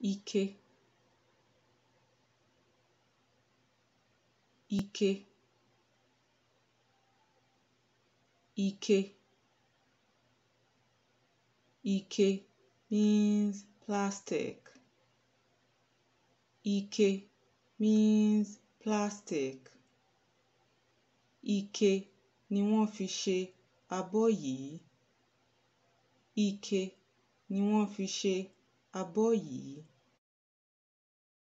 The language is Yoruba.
ike ike ike ike means plastic ike means plastic ike ni wọ́n fi ṣe abọ́ yìí ike ni wọ́n fi ṣe aboi